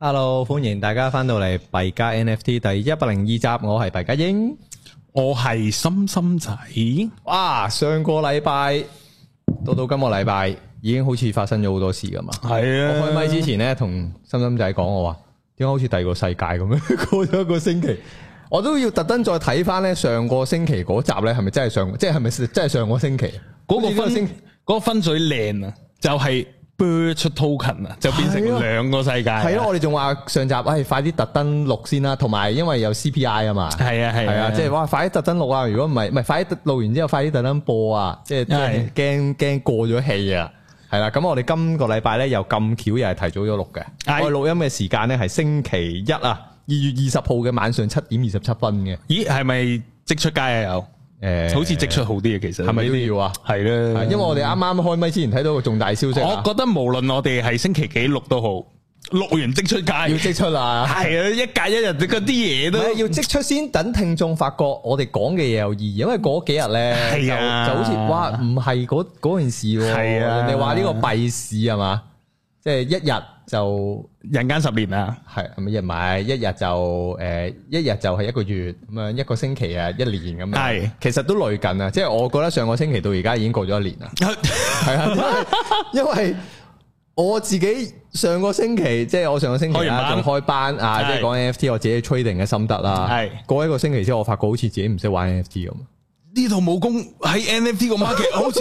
hello，歡迎大家翻到嚟幣加 NFT 第一百零二集，我係幣加鷹，我係心心仔。哇，上個禮拜到到今個禮拜，已經好似發生咗好多事噶嘛。係啊，我開麥之前咧，同心心仔講我話，點解好似第二個世界咁樣？ 過咗一個星期，我都要特登再睇翻咧，上個星期嗰集咧，係咪真係上？即係咪真係上個星期？嗰個分嗰個,個分水嶺啊，就係、是。出 token 啊，就變成兩個世界，啊。係咯、 啊，我哋仲話上集，喂，快啲特登錄先啦。同埋，因為有 CPI 啊嘛。係啊係啊，啊啊啊即係話快啲特登錄啊！如果唔係，唔係快啲錄完之後快，快啲特登播啊！即係驚驚過咗氣啊！係啦，咁、啊、我哋今個禮拜咧又咁巧，又係提早咗錄嘅。啊、我錄音嘅時間咧係星期一啊，二月二十號嘅晚上七點二十七分嘅。咦，係咪即出街啊又？誒，欸、好似即出好啲嘅，其實係咪都要啊？係咧，因為我哋啱啱開咪之前睇到個重大消息。我覺得無論我哋係星期幾錄都好，錄完即出街要即出啊！係啊，一隔一日嗰啲嘢，都要即出先，等聽眾發覺我哋講嘅嘢有意義。因為嗰幾日咧，就就好似哇，唔係嗰件事，係啊的，人哋話呢個閉市係嘛。即係一日就人間十年啊，係咁樣一日就誒，一日就係一,一個月咁樣，一個星期啊，一年咁樣。係的其實都累緊啊，即係我覺得上個星期到而家已經過咗一年啦。係啊， 因為我自己上個星期即係我上個星期啊，仲開班啊，的即係講 NFT 我自己 trading 嘅心得啦。係的過一個星期之後，我發覺好似自己唔識玩 NFT 咁。呢套武功喺 NFT 個 market 好似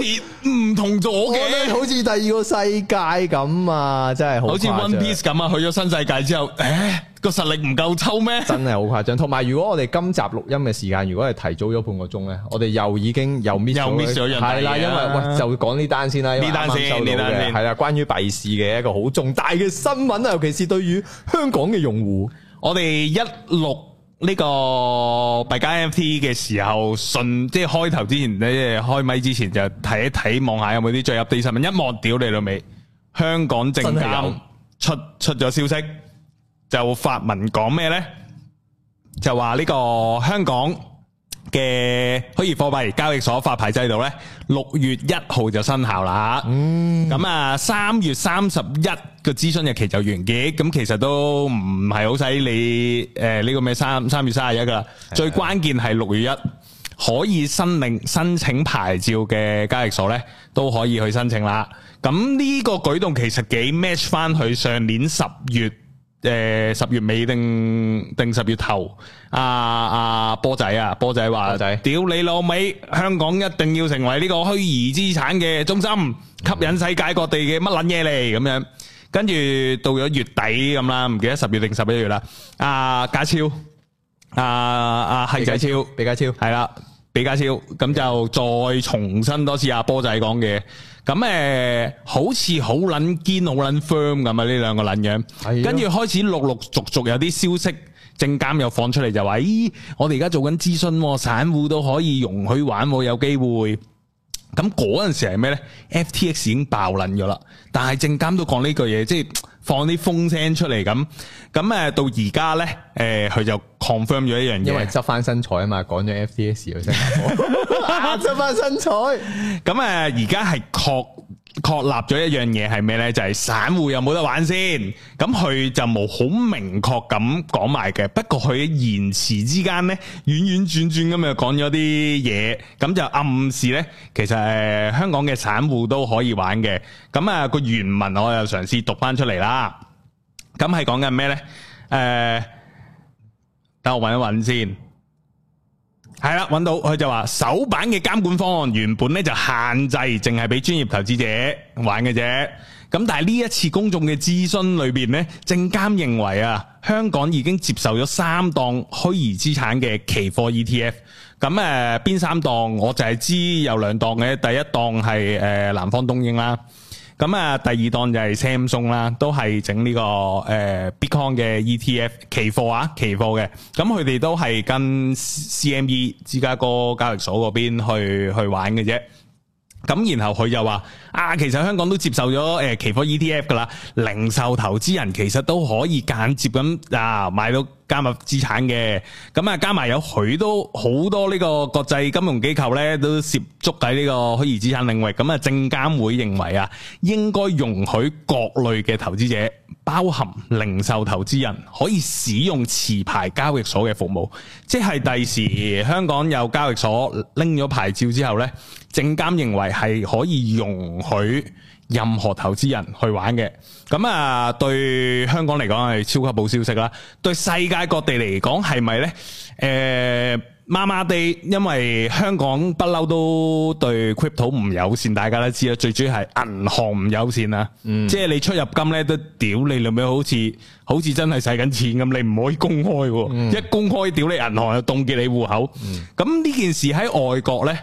唔同咗嘅，好似第二個世界咁啊！真係好似 One Piece 咁啊！去咗新世界之後，誒、哎，個實力唔夠抽咩？真係好誇張！同埋，如果我哋今集錄音嘅時間如果係提早咗半個鐘咧，我哋又已經又 miss 又 miss 咗人係啦，因為喂就講呢單先啦，呢單先呢單先係啦，關於幣市嘅一個好重大嘅新聞啊，尤其是對於香港嘅用戶，我哋一六。呢個幣加 NFT 嘅時候，信即係開頭之前咧，即開咪之前就睇一睇，望下有冇啲最新嘅新聞， 一望屌你老味。香港證監出出咗消息，就發文講咩咧？就話呢個香港。嘅虛擬貨幣交易所發牌制度呢，六月一號就生效啦。咁啊、嗯，三月三十一個諮詢日期就完結。咁其實都唔係好使你誒呢個咩三三月三十一噶啦。的最關鍵係六月一可以申領申請牌照嘅交易所呢，都可以去申請啦。咁呢個舉動其實幾 match 翻佢上年十月。誒，十月尾定定十月頭，阿阿波仔啊，波仔話，屌你老味，香港一定要成為呢個虛擬資產嘅中心，吸引世界各地嘅乜捻嘢嚟咁樣。跟住到咗月底咁啦，唔記得十月定十一月啦。阿家超，阿阿係仔超，比家超，係啦，比家超，咁就再重申多次阿波仔講嘅。咁誒、呃，好似好撚堅好撚 firm 咁啊！呢兩個撚樣，跟住的開始陸陸續續有啲消息，證監又放出嚟就話：咦、哎，我哋而家做緊諮詢，散戶都可以容許玩，有機會。咁嗰陣時係咩咧？FTX 已經爆撚咗啦，但係證監都講呢句嘢，即係。放啲風聲出嚟咁，咁誒到而家咧，誒、呃、佢就 confirm 咗一樣嘢，因為執翻身材啊嘛，講咗 FDS 嗰陣，執翻、 啊、身材，咁誒而家係確。確立咗一樣嘢係咩呢？就係、是、散戶有冇得玩先？咁佢就冇好明確咁講埋嘅。不過佢言辭之間呢，婉婉轉轉咁就講咗啲嘢，咁就暗示呢，其實誒、呃、香港嘅散戶都可以玩嘅。咁啊個原文我又嘗試讀返出嚟啦。咁係講緊咩呢？誒、呃，等我揾一揾先。係啦，搵到佢就話，首版嘅監管方案原本咧就限制，淨係俾專業投資者玩嘅啫。咁但係呢一次公眾嘅諮詢裏邊咧，證監認為啊，香港已經接受咗三檔虛擬資產嘅期貨 ETF。咁、嗯、誒，邊、呃、三檔？我就係知有兩檔嘅，第一檔係誒南方東英啦。咁啊，第二檔就係 Samsung 啦，都係整呢個誒 Bitcoin 嘅 ETF 期貨啊，期貨嘅，咁佢哋都係跟 CME 芝加哥交易所嗰邊去去玩嘅啫。咁然後佢就話。啊，其實香港都接受咗誒、呃、期貨 ETF 噶啦，零售投資人其實都可以間接咁啊買到加密資產嘅。咁啊，加埋有許多好多呢個國際金融機構咧，都涉足喺呢個虛擬資產領域。咁、嗯、啊，證監會認為啊，應該容許各類嘅投資者，包含零售投資人，可以使用持牌交易所嘅服務，即係第時香港有交易所拎咗牌照之後咧，證監認為係可以容佢任何投資人去玩嘅，咁啊對香港嚟講係超級好消息啦。對世界各地嚟講係咪咧？誒，麻麻地，因為香港不嬲都對 crypto 唔友善，大家都知啦。最主要係銀行唔友善啊，即係你出入金咧都屌你兩嘢，好似好似真係使緊錢咁，你唔可以公開喎，一公開屌你銀行就凍結你戶口。咁呢件事喺外國咧，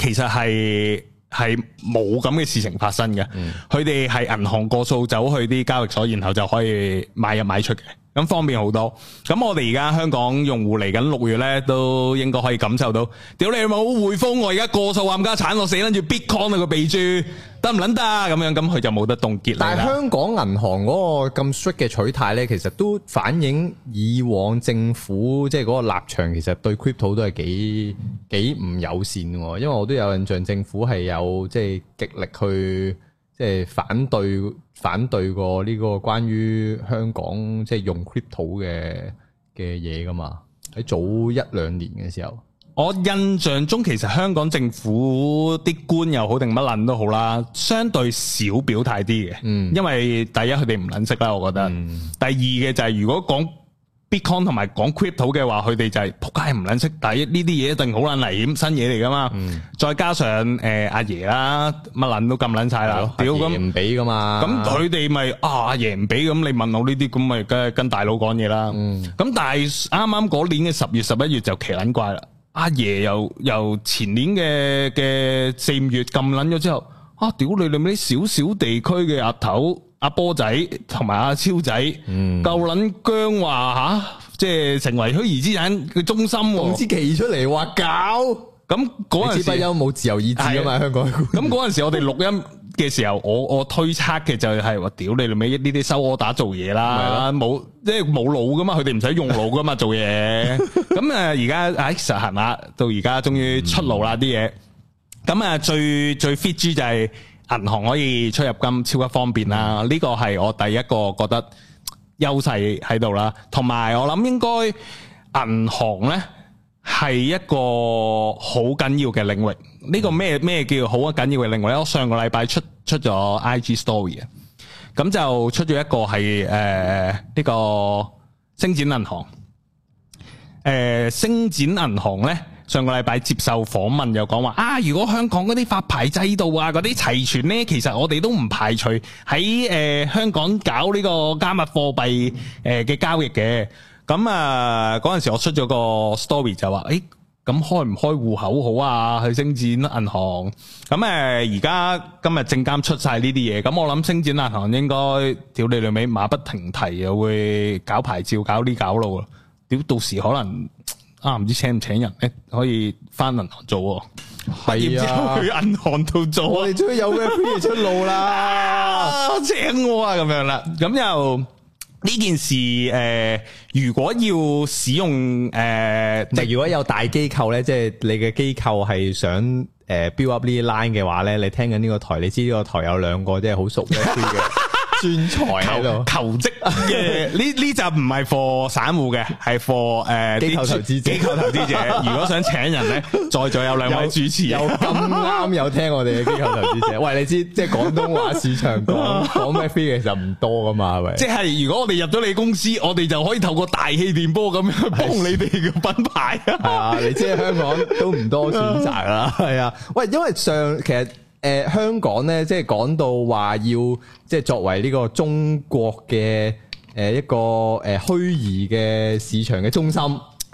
其實係。係冇咁嘅事情發生嘅，佢哋係銀行過數走去啲交易所，然後就可以買入買出嘅，咁方便好多。咁我哋而家香港用戶嚟緊六月咧，都應該可以感受到。屌、嗯、你冇匯豐，我而家過數冚家鏟我死撚住 Bitcoin 啊，個鼻珠。得唔撚得咁樣，咁佢就冇得凍結啦。但係香港銀行嗰個咁 strict 嘅取態咧，其實都反映以往政府即係嗰個立場，其實對 crypto 都係幾、嗯、幾唔友善喎。因為我都有印象，政府係有即係、就是、極力去即係、就是、反對反對過呢個關於香港即係、就是、用 crypto 嘅嘅嘢㗎嘛。喺早一兩年嘅時候。我印象中，其實香港政府啲官又好定乜撚都好啦，相對少表態啲嘅，嗯，因為第一佢哋唔撚識啦，我覺得。嗯、第二嘅就係、是、如果講 Bitcoin 同埋講 Crypto 嘅話，佢哋就係仆街唔撚識。第一呢啲嘢一定好撚危險，新嘢嚟噶嘛。嗯、再加上誒阿、呃、爺啦，乜撚都撳撚晒啦，屌咁唔俾噶嘛。咁佢哋咪啊阿爺唔俾咁，你問我呢啲咁咪梗係跟大佬講嘢啦。咁、嗯、但係啱啱嗰年嘅十月十一月就奇撚怪啦。阿爺、啊、又由前年嘅嘅四五月咁捻咗之後，啊屌你！你咪啲少少地區嘅阿頭、阿、啊、波仔同埋阿超仔，夠捻僵話吓，即係成為虛而之人嘅中心、啊。黃之企出嚟話搞，咁嗰陣時不嬲冇自由意志啊嘛，的香港。咁嗰陣時我哋錄音。 嘅時候，我我推測嘅就係、是、話，屌你哋咪呢啲收柯打做嘢啦，冇即係冇腦噶嘛，佢哋唔使用腦噶嘛做嘢。咁啊，而家啊，其實係嘛， 到而家終於出爐啦啲嘢。咁啊、嗯，最最 fit 豬就係銀行可以出入金超級方便啦，呢個係我第一個覺得優勢喺度啦。同埋我諗應該銀行咧係一個好緊要嘅領域。呢個咩咩叫好啊？緊要嘅，另外，我上個禮拜出出咗 IG Story 嘅，咁就出咗一個係誒、呃這個呃、呢個星展銀行，誒星展銀行咧上個禮拜接受訪問又講話啊，如果香港嗰啲發牌制度啊嗰啲齊全咧，其實我哋都唔排除喺誒、呃、香港搞呢個加密貨幣誒嘅交易嘅。咁啊嗰陣時我出咗個 story 就話誒。欸咁開唔開戶口好啊？去星展銀行咁誒，而家今日證監出晒呢啲嘢，咁我諗星展銀行應該屌你老味馬不停蹄又會搞牌照搞呢搞路，屌到時可能啊唔知請唔請人咧、欸，可以翻銀行做、啊，畢業、啊、之後去銀行度做、啊，我哋終於有咩出路啦、 啊？請我啊咁樣啦，咁又。呢件事，誒、呃，如果要使用，誒、呃，即係如果有大機構咧，即係你嘅機構係想，誒，build up 呢啲 line 嘅話咧，你聽緊呢個台，你知呢個台有兩個即係好熟啲嘅。 專才喺度求職嘅呢，呢集唔係 for 散戶嘅，係 for 誒、uh, 機構投資者。機 構投資者如果想請人咧，在座 有兩位主持，又咁啱有聽我哋嘅機構投資者。喂，你知即係廣東話市場講講咩 feel 唔多噶嘛，係咪？即係如果我哋入咗你公司，我哋就可以透過大氣電波咁樣幫 你哋嘅品牌。係 啊，你即係 香港都唔多選擇啦。係啊，喂，因為上其實。誒、呃、香港咧，即係講到話要即係作為呢個中國嘅誒、呃、一個誒、呃、虛擬嘅市場嘅中心，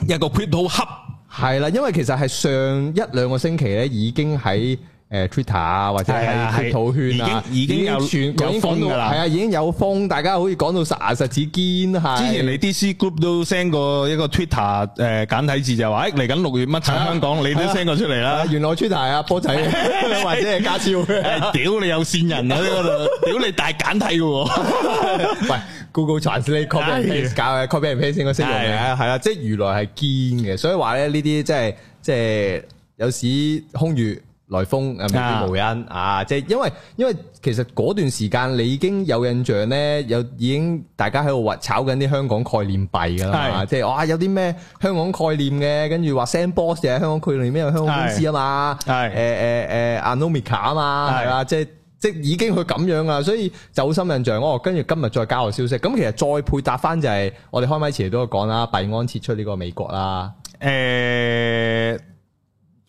一個 quote 都恰係啦，因為其實係上一兩個星期咧已經喺。誒，Twitter 啊，或者係本土圈啊，已經已經有已經有風噶啦，係啊，已經有風，大家好似講到實牙實齒堅係。之前你 DC group 都 send 過一個 Twitter 誒簡體字就話，誒嚟緊六月乜產香港，你都 send 過出嚟啦。原來 Twitter 阿波仔或者係家超，誒屌你有線人喺嗰度，屌你大簡體嘅。喂，Google Translate copy paste 教嘅 copy paste 先我識用嘅，係啊，即係原來係堅嘅，所以話咧呢啲即係即係有時空遇。來風啊，名利無因啊，即係因為因為其實嗰段時間你已經有印象咧，有已經大家喺度炒緊啲香港概念幣噶啦，是即係哇有啲咩香港概念嘅，跟住話 Sandbox 嘅香港概念咩香港公司啊嘛，係誒誒是誒、呃呃呃、Animoca 啊嘛，係啦是，即係即係已經去咁樣啊，所以就好深印象。哦，跟住今日再加個消息，咁其實再配搭翻就係我哋開咪前都講啦，幣安撤出呢個美國啦，誒、嗯。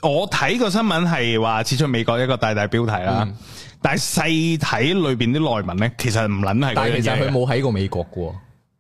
我睇個新聞係話撤出美國一個大大標題啦，嗯、但係細睇裏邊啲內文咧，其實唔撚係。但其實佢冇喺過美國噶，誒、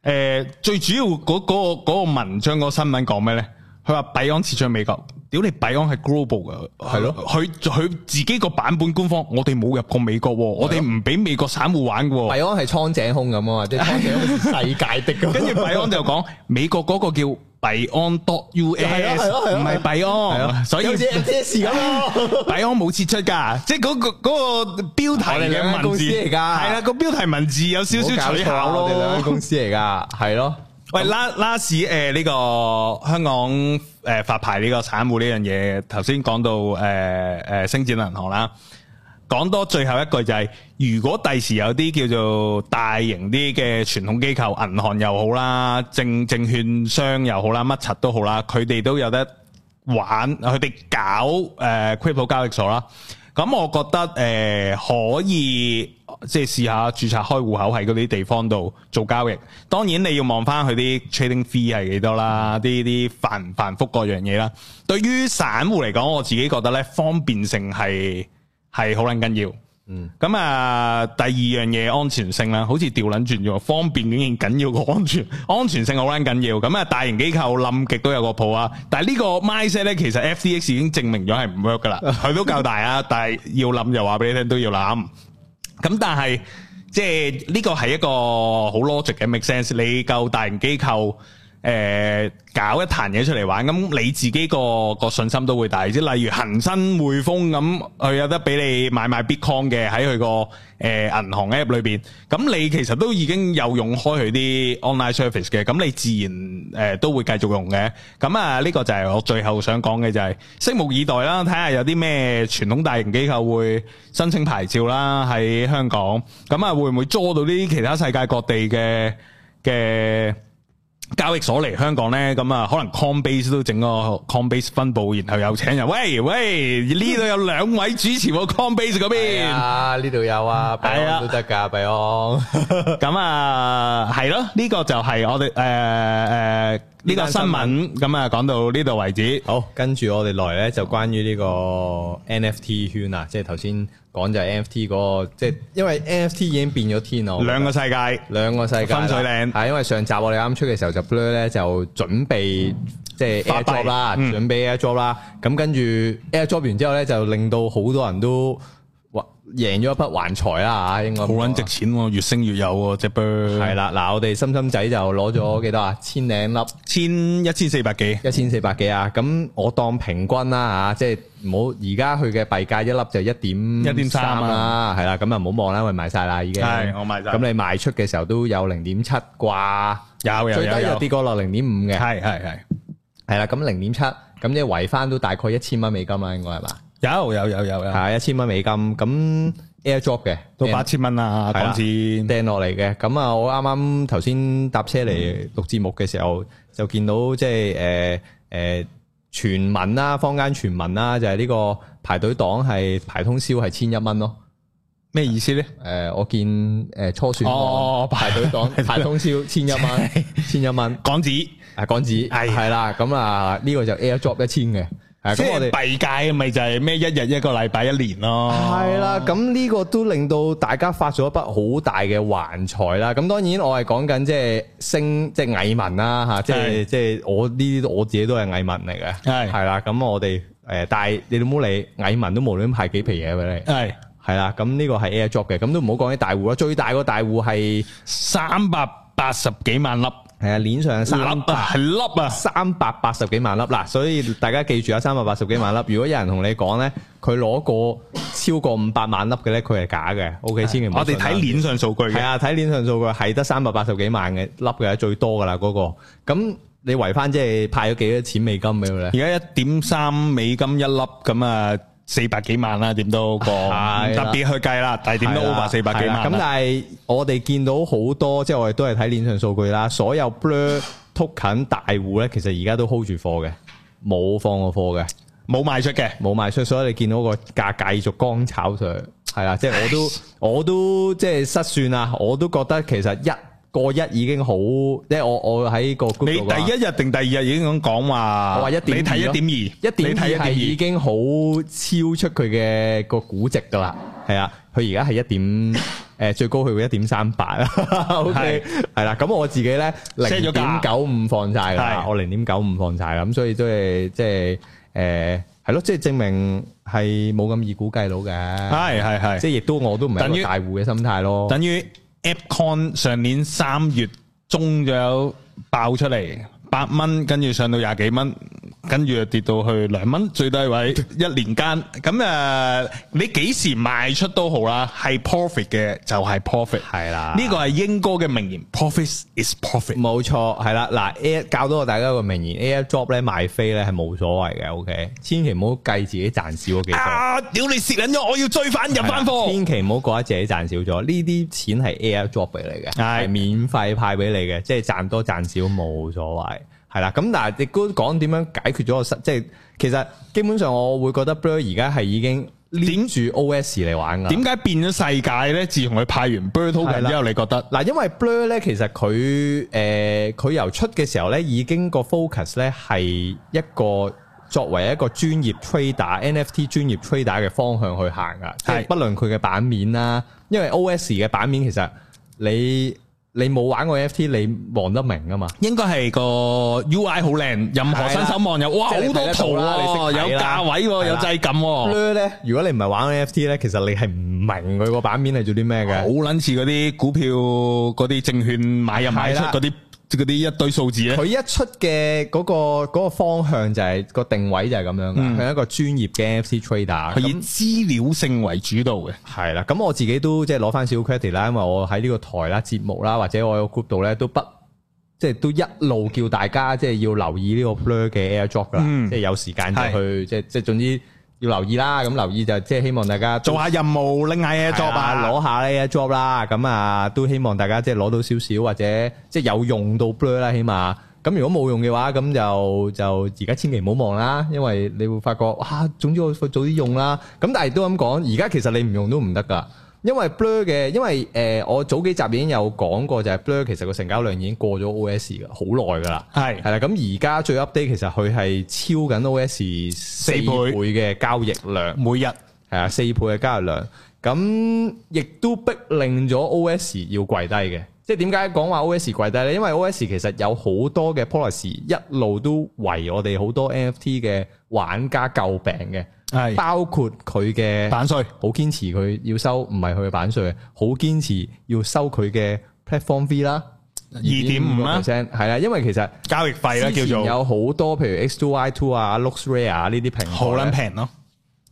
呃，最主要嗰、那、嗰個、那個文章個新聞講咩咧？佢話幣安撤出美國，屌你幣安係 global 噶，係咯的，佢佢、啊、自己個版本官方，我哋冇入過美國，的我哋唔俾美國散戶玩噶，幣安係蒼井空咁啊，即係世界的，的，跟住幣安就講美國嗰個叫。BiOn dot u a 係咯，係咯，唔係 BiOn，所以 有啲事咁咯。BiOn 冇撤出噶，即係、那、嗰個嗰、那個標題嘅文字嚟噶，係啦個，啊那個標題文字有少少取巧咯。佢哋兩個公司嚟噶，係咯、啊。 喂，last last 誒呢個香港誒、呃、發牌呢個散戶呢樣嘢，頭先講到誒誒、呃呃、星展銀行啦。講多最後一句就係、是，如果第時有啲叫做大型啲嘅傳統機構，銀行又好啦，證證券商又好啦，乜柒都好啦，佢哋都有得玩，佢哋搞誒 crypto、呃、交易所啦。咁、嗯、我覺得誒、呃、可以即係試下註冊開戶口喺嗰啲地方度做交易。當然你要望翻佢啲 trading fee 係幾多啦，啲啲繁唔繁複各樣嘢啦。對於散戶嚟講，我自己覺得咧，方便性係。係好撚緊要，咁啊第二樣嘢安全性啦，好似調捻轉咗，方便永遠緊要過安全，安全性好撚緊要。咁啊大型機構冧極都有個鋪啊，但係呢個 mindset 咧，其實 FTX 已經證明咗係唔 work 噶啦，佢都夠大啊，但係要諗就話俾你聽都要諗。咁但係即係呢個係一個好 logic 嘅 make sense，你夠大型機構。誒搞一壇嘢出嚟玩，咁你自己個個信心都會大。即係例如恆生、匯豐咁，佢有得俾你買買 bitcoin 嘅喺佢個誒銀行 app 裏邊。咁你其實都已經有用開佢啲 online service 嘅，咁你自然誒都會繼續用嘅。咁啊，呢個就係我最後想講嘅就係，拭目以待啦，睇下有啲咩傳統大型機構會申請牌照啦，喺香港。咁啊，會唔會捉到啲其他世界各地嘅嘅？交易所嚟香港咧，咁啊，可能 Coinbase 都整個 Coinbase 分部，然後有請人喂喂，呢度有兩位主持喎，Coinbase 嗰邊啊，呢度 邊、哎、有啊，幣、啊、安都得噶幣安，咁 啊，係咯，呢、這個就係我哋誒誒呢個新聞，咁啊，講到呢度為止，好，跟住我哋來咧就關於呢個 NFT 圈啊，即係頭先。講就係 NFT 嗰、那個，即、就、係、是、因為 NFT 已經變咗天咯，兩個世界，兩個世界分水嶺。係因為上集我哋啱出嘅時候就 Blur 咧就準備即係 airdrop 啦，drop, 嗯、準備 airdrop 啦。咁跟住 airdrop 完之後咧就令到好多人都。贏咗一筆還財啦吓，應該好撚值錢喎，越升越有喎，只噃係啦，嗱我哋心心仔就攞咗幾多啊？千零粒，千一千四百幾，一千四百幾啊？咁我當平均啦吓，即係唔好而家佢嘅幣價一粒就一點一點三啦，係啦，咁啊唔好望啦，因為賣晒啦已經，係我賣咗，咁你賣出嘅時候都有零點七掛，有有最低又跌過落零點五嘅，係係係，係啦，咁零點七，咁你圍翻都大概一千蚊美金啊，應該係嘛？有有有有有，係一千蚊美金咁 air drop 嘅，都八千蚊啊港紙掟落嚟嘅。咁啊，我啱啱頭先搭車嚟錄節目嘅時候，嗯、就見到即係誒誒傳聞啦，坊間傳聞啦，就係、是、呢個排隊黨係排通宵係千一蚊咯。咩意思咧？誒，我見誒初選哦排隊黨排通宵千一蚊，千一蚊港紙啊港紙係係啦。咁啊呢個就 air drop 一千嘅。即係弊界，咪就係咩一日一個禮拜一年咯，係啦，咁呢個都令到大家發咗一筆好大嘅橫財啦。咁當然我係講緊即係升即係蟻民啦吓，即係即係我呢啲我自己都係蟻民嚟嘅，係係啦。咁我哋誒，但係你都冇理蟻民都無論派幾皮嘢俾你，係係啦。咁呢個係 Airdrop 嘅，咁都唔好講啲大戶啦。最大個大戶係三百八十幾萬粒。係啊，鏈上三百粒啊，三百八十幾萬粒嗱，所以大家記住啊，三百八十幾萬粒。如果有人同你講咧，佢攞過超過五百萬粒嘅咧，佢係假嘅。O.K. 千祈唔好信。我哋睇鏈上數據嘅，係啊，睇鏈上數據係得三百八十幾萬嘅粒嘅係最多噶啦嗰個。咁你圍返即係派咗幾多錢美金俾佢咧？而家一點三美金一粒咁啊！四百幾萬啦、啊，點都過、啊啊、特別去計啦，啊、但係點都過四百幾萬、啊。咁、啊、但係我哋見到好多，即係我哋都係睇鏈上數據啦。所有 Blur top 群大戶咧，其實而家都 hold 住貨嘅，冇放過貨嘅，冇賣出嘅，冇賣出。所以你見到個價格繼續光炒上去，係啦、啊。即係我都 我都即係、就是、失算啊！我都覺得其實一。過一已經好，即係我我喺個。你第一日定第二日已經咁講話？我話一。你睇一點二，一點二係已經好超出佢嘅個估值噶啦，係啊，佢而家係一點誒最高去到一點三八啦。OK，係係啦，咁我自己咧零點九五放晒啦，我零點九五放晒啦，咁所以都係即係誒係咯，即係證明係冇咁易估計到嘅。係係係，即係亦都我都唔係一個大戶嘅心態咯，等於。AppCon 上年三月中就有爆出嚟。八蚊，跟住上到廿幾蚊，跟住跌到去兩蚊最低位，一年間咁誒，你幾時賣出都好、就是、啦，係 profit 嘅就係 profit，係啦，呢個係英哥嘅名言，profit is profit，冇錯，係啦，嗱 A 教多大家一個名言，airdrop 咧賣飛咧係冇所謂嘅，OK，千祈唔好計自己賺少咗幾多，啊，屌、okay？啊、你蝕緊咗，我要追翻入翻貨，千祈唔好覺得自己賺少咗，呢啲錢係 airdrop 俾你嘅，係是免費派俾你嘅，即係賺多賺少冇所謂。係啦，咁嗱亦都講點樣解決咗個失，即係其實基本上我會覺得 Blur 而家係已經連住 OS 嚟玩噶。點解變咗世界咧？自從佢派完 Blur token 之後，的你覺得嗱？因為 Blur 咧，其實佢誒，佢、呃、由出嘅時候咧，已經個 focus 咧係一個作為一個專業 trader、NFT 專業 trader 嘅方向去行噶，的即係不論佢嘅版面啦，因為 OS 嘅版面其實你。你冇玩過，F.T. 你望得明㗎嘛？應該係個 U.I. 好靚，任何新手望入，的哇好多圖啊，你有價位、啊，的有質感、啊。呢的如果你唔係玩 F.T. 呢，其實你係唔明佢個版面係做啲咩嘅。好撚似嗰啲股票、嗰啲證券買入買出嗰啲的。即啲一堆數字咧，佢一出嘅嗰、那個那個方向就係、是那個定位就係咁樣嘅，佢係、嗯、一個專業嘅 NFT trader，佢以資料性為主導嘅。係啦、嗯，咁我自己都即係攞翻少 credit 啦，因為我喺呢個台啦、節目啦，或者我嘅 group 度咧，都不即係、就是、都一路叫大家即係要留意呢個 Blur 嘅 air drop 啦，即係、嗯、有時間就去即即的總之。要留意啦，咁留意就即係希望大家做，做下任務，拎下嘢 job 啊攞下呢啲 job 啦，咁啊都希望大家即係攞到少少或者即係、就是、有用到 blur 啦，起碼。咁如果冇用嘅話，咁就就而家千祈唔好忘啦，因為你會發覺哇、啊，總之我我早啲用啦。咁但係都咁講，而家其實你唔用都唔得噶。因為 Blur 嘅，因為誒，我早幾集已經有講過，就係 Blur 其實個成交量已經過咗 OS 嘅，好耐㗎喇。係係啦，咁而家最 update 其實佢係超緊 OS 四倍嘅交易量，每日係啊四倍嘅交易量，咁亦都逼令咗 OS 要跪低嘅。即係點解講話 OS 跪低咧？因為 OS 其實有好多嘅 policy 一路都為我哋好多 NFT 嘅玩家詬病嘅。係是包括佢嘅版稅，好堅稅持佢要收，唔係佢嘅版稅，好堅持要收佢嘅 platform fee 啦，二點五 percent 係啦，因為其實交易費啦，叫做有好多譬如 X2Y2 啊，LooksRare 呢啲平台好捻平咯，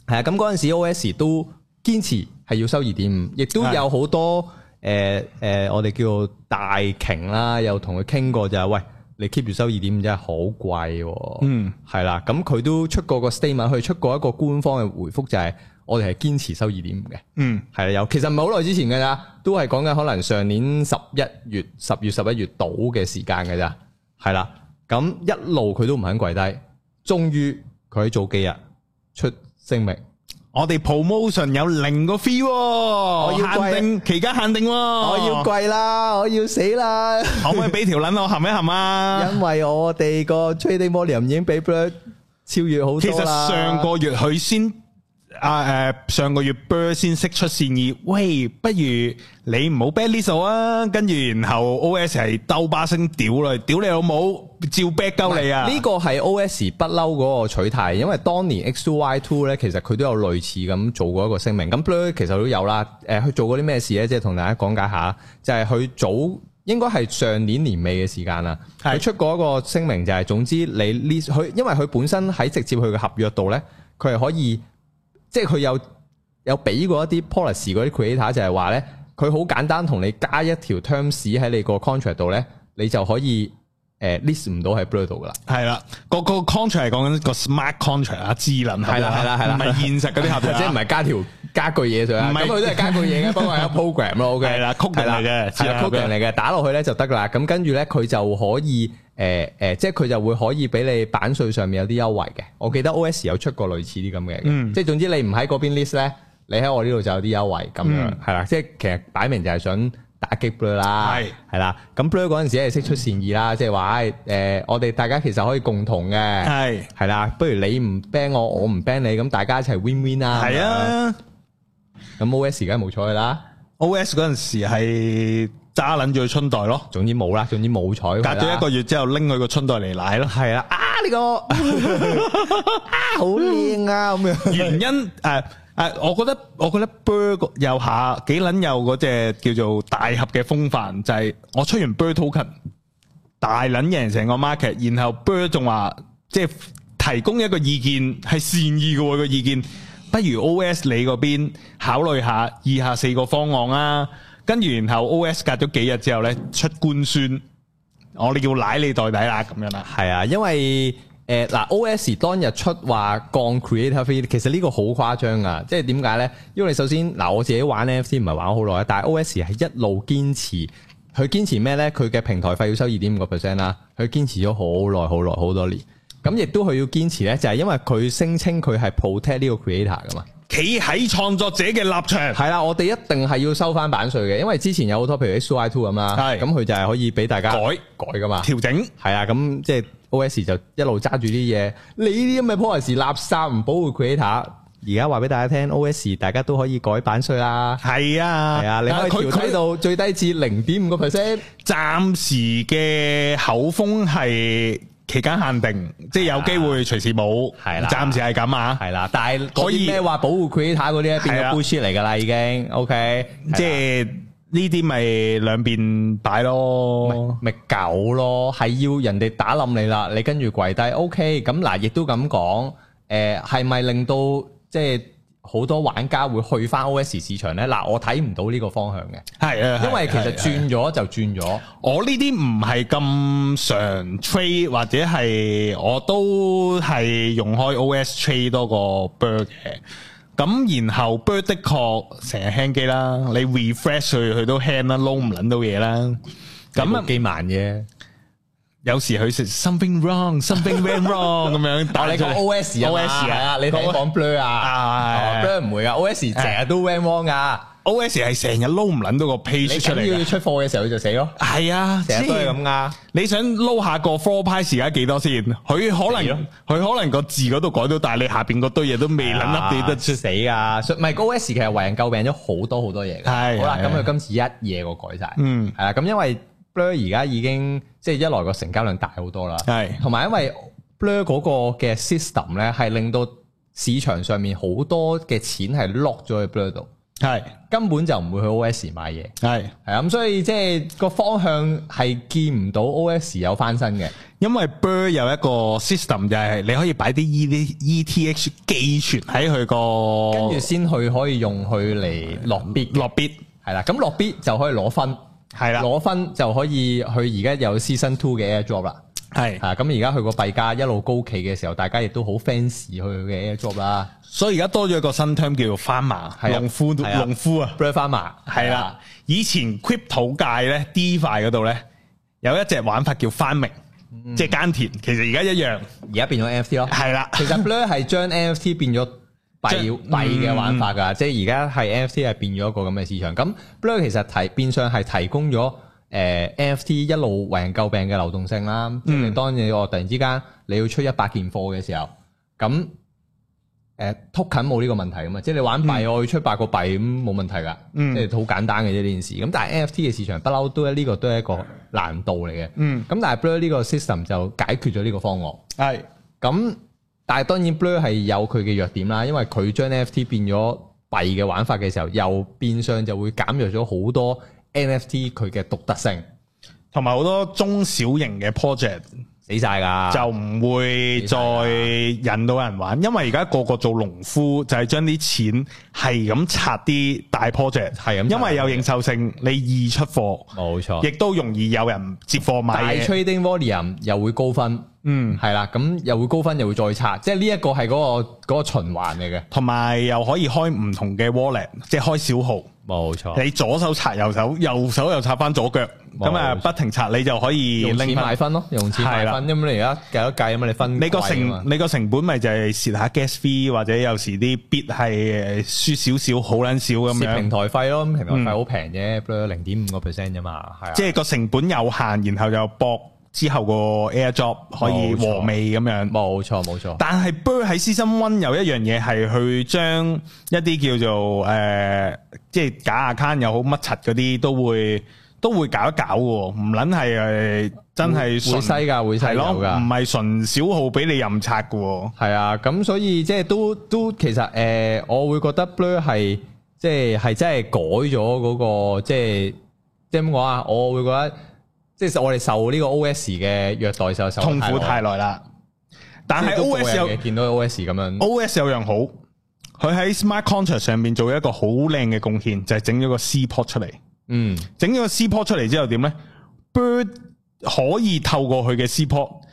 係啊，咁嗰陣時 O S 都堅持係要收二點五，亦都有好多誒誒的、呃呃，我哋叫做大鯨啦，又同佢傾過就係。喂你 keep 住收二點五真係、哦，好貴喎。嗯，係啦，咁佢都出過個 statement，佢出過一個官方嘅回覆，就係我哋係堅持收二點五嘅。嗯，係啦，有其實唔係好耐之前嘅咋，都係講緊可能上年十一月、十月、十一月到嘅時間嘅咋。係啦、嗯，咁一路佢都唔肯跪低，終於佢喺早幾日出聲明。我哋 promotion 有零個 fee，、哦、我要限定期間限定、哦，我要貴啦，我要死啦， 可唔可以俾條捻我含一含啊？因為我哋個 trading volume 已經比 Blur 超越好多其實上個月佢先。阿誒，上個月 Blur 先釋出善意，喂，不如你唔好 bad 呢首啊，跟住然後 OS 係鬥巴聲屌你，屌你老母，照啤鳩你啊！呢個係 OS 不嬲嗰個取態，因為當年 X Two Y Two 咧，其實佢都有類似咁做過一個聲明。咁 Blur 其實都有啦，誒佢做過啲咩事咧？即係同大家講解下，就係佢早應該係上年年尾嘅時間啦，佢出過一個聲明，就係總之你呢佢，因為佢本身喺直接佢嘅合約度咧，佢係可以。即係佢有有俾過一啲 policy 嗰啲 creator 就係話咧，佢好簡單同你加一條 terms 喺你個 contract 度咧，你就可以誒 list 唔到喺 blur 度噶啦。係啦，個個 contract 係講緊個 smart contract 啊，智能係啦係啦係啦，唔係現實嗰啲合同，即係唔係加條加個嘢上去。唔係，佢都係加個嘢嘅，不過係個 program 咯。O K 係啦，曲嘅係啦，係啦，曲嘅嚟嘅，打落去咧就得啦。咁跟住咧，佢就可以。誒誒、呃，即係佢就會可以俾你版稅上面有啲優惠嘅。我記得 O.S. 有出過類似啲咁嘅，嗯、即係總之你唔喺嗰邊 list 咧，你喺我呢度就有啲優惠咁樣，係啦、嗯。即係其實擺明就係想打擊 Blur 啦，係啦。咁 Blur 嗰陣時係識出善意啦，嗯、即係話誒，我哋大家其實可以共同嘅，係係啦。不如你唔 ban 我，我唔 ban 你，咁大家一齊 win win 啦。係啊，咁 O.S. 而家冇錯啦。的的 O.S. 嗰陣時係。揸撚住個春袋咯，總之冇啦，總之冇彩。隔咗一個月之後，拎佢個春袋嚟奶咯。係啊，啊呢個啊好靚啊咁樣。原因誒誒，我覺得我覺得 Blur 有下幾撚有嗰隻叫做大俠嘅風範，就係我出完 Blur token，大撚贏成個 market，然後 Blur 仲話即係提供一個意見，係善意嘅喎個意見，不如 OS 你嗰邊考慮下以下四個方案啊。跟住，然後 O.S. 隔咗幾日之後咧，出官宣，我哋叫奶你代底啦，咁樣啦。係啊，因為誒嗱、呃、O.S. 當日出話降 Creator Fee，其實呢個好誇張噶，即係點解咧？因為你首先嗱，我自己玩咧，N.F.C. 唔係玩好耐啊，但係 O.S. 係一路堅持，佢堅持咩咧？佢嘅平台費要收二點五個 percent 啦，佢堅持咗好耐、好耐、好多年。咁亦都佢要堅持咧，就係因為佢聲稱佢係 protect 呢個 Creator 噶嘛。企喺創作者嘅立場，係啦、啊，我哋一定係要收翻版稅嘅，因為之前有好多，譬如 Sway Two 啊，咁佢就係可以俾大家改改噶嘛，調整係啊，咁即係 O S 就一路揸住啲嘢，你啲咁嘅 police 垃圾，唔保護 Creator。而家話俾大家聽，O S 大家都可以改版稅啦，係啊，係啊，啊，你可以調低到最低至零點五個 percent，暫時嘅口風係。期間限定，即係有機會隨時冇，係啦，暫時係咁啊，係啦，但係可以即係話保護 creator 嗰啲啊，變咗背書嚟噶啦，已經，OK，即係呢啲咪兩邊擺咯，咪搞咯，係要人哋打冧你啦，你跟住跪低，OK，咁嗱，亦都咁講，誒，係咪令到即係？好多玩家會去翻 O S 市場咧，嗱、啊、我睇唔到呢個方向嘅，係啊的，因為其實轉咗就轉咗，我呢啲唔係咁常 trade 或者係我都係用開 O S trade 多過 Blur 嘅，咁然後 Blur 的確成日 hang 機啦，你 refresh 佢佢都 hang 啦，撈唔捻到嘢啦，咁幾樣慢嘅。有時佢食 something wrong，something went wrong 咁樣。但你講 O S 啊，係啊，你講 Blur 啊，Blur 唔會噶，O S 成日都 went wrong 噶。O S 係成日撈唔捻到個 page 出嚟。你要出貨嘅時候，佢就死咯。係啊，成日都係咁噶。你想撈下個 floor price 而家幾多先？佢可能佢可能個字嗰度改到，但係你下邊嗰堆嘢都未捻粒跌得出死噶。唔係，個 O S 其實為人詬病咗好多好多嘢。係。好啦，咁佢今次一夜我改晒。嗯。係啦，咁因為。Blur 而家已經即係一來個成交量大好多啦，係是，同埋因為 Blur 嗰個嘅 system 咧，係令到市場上面好多嘅錢係落咗去 Blur 度，係是根本就唔會去 OS 買嘢，係係啊，咁所以即係個方向係見唔到 OS 有翻身嘅，因為 Blur 有一個 system 就係你可以擺啲 E 啲 ETH 寄存喺佢個，跟住先去可以用佢嚟落 bid 落 bid，係啦，咁落 bid 就可以攞分。係啦，攞分就可以去而家有 season two 嘅 airdrop 啦。係是，啊咁而家去個幣價一路高企嘅時候，大家亦都好 fancy 去嘅 airdrop 啦。所以而家多咗一個新 term 叫做 farm、啊，農夫、啊、農夫啊 Blur farm。係啦、啊，啊、以前 Crypto 界咧，DeFi 嗰度咧有一隻玩法叫 farming，即係、嗯、耕田。其實而家一樣，而家變咗 NFT 咯。係啦、啊，其實 Blur 係將 NFT 變咗。係要幣嘅玩法噶，即係而家係 NFT 係變咗一個咁嘅市場。咁 Blur 其實提變相係提供咗誒、呃、NFT 一路為人詬病嘅流動性啦。嗯，即你當你哦突然之間你要出一百件貨嘅時候，咁誒 token 冇呢個問題噶嘛？即係你玩幣，嗯、我要出八個幣咁冇問題噶，嗯、即係好簡單嘅啫呢件事。咁但係 NFT 嘅市場不嬲都呢、這個都係一個難度嚟嘅。嗯，咁但 Bl 係 Blur 呢個 system 就解決咗呢個方案。係咁是。但係當然 Blur 係有佢嘅弱點啦，因為佢將 NFT 變咗幣嘅玩法嘅時候，又變相就會減弱咗好多 NFT 佢嘅獨特性，同埋好多中小型嘅 project。死晒噶，就唔會再引到人玩，因為而家個個做農夫，就係將啲錢係咁拆啲大 project，係咁，停因為有認受性，嗯、你易出貨，冇錯錯，亦都容易有人接貨買。大 trading volume 又會高分，嗯，係啦，咁又會高分，又會再拆，嗯、即係呢一個係嗰、嗰個、嗰個循環嚟嘅，同埋又可以開唔同嘅 wallet，即係開小號。冇錯，你左手擦右手，右手又擦翻左腳，咁啊錯不停擦，你就可以用錢買分咯，用錢買分咁的你而家計一計，咁你分你個成你個成本咪就係蝕下 gas fee 或者有時啲 bit 係輸少少好撚少咁樣平，平台費咯，平台費好平啫，不過零點五個 percent 啫嘛，係啊，即係個成本有限，然後又博。之後個 Airdrop 可以和味咁樣，冇錯冇錯。但係 Blur 喺私心溫有一樣嘢係去將一啲叫做誒，即係假 account 又好乜柒嗰啲，都會都會搞一搞嘅。唔撚係係真係會細㗎，會細有㗎，唔係純小號俾你任刷嘅。係啊，咁所以即係都都其實誒，我會覺得 Blur 係即係係真係改咗嗰個即係即係點講啊？我會覺得。即係我哋受呢個 O S 嘅虐待時候受，痛苦太耐啦。但係 O S 又見有到 O S 咁樣，O S 有樣好，佢喺 Smart Contract 上面做一個好靚嘅貢獻，就係整咗個 Seaport 出嚟。嗯，整咗個 Seaport 出嚟之後點咧？Blur 可以透過佢嘅 Seaport。Pod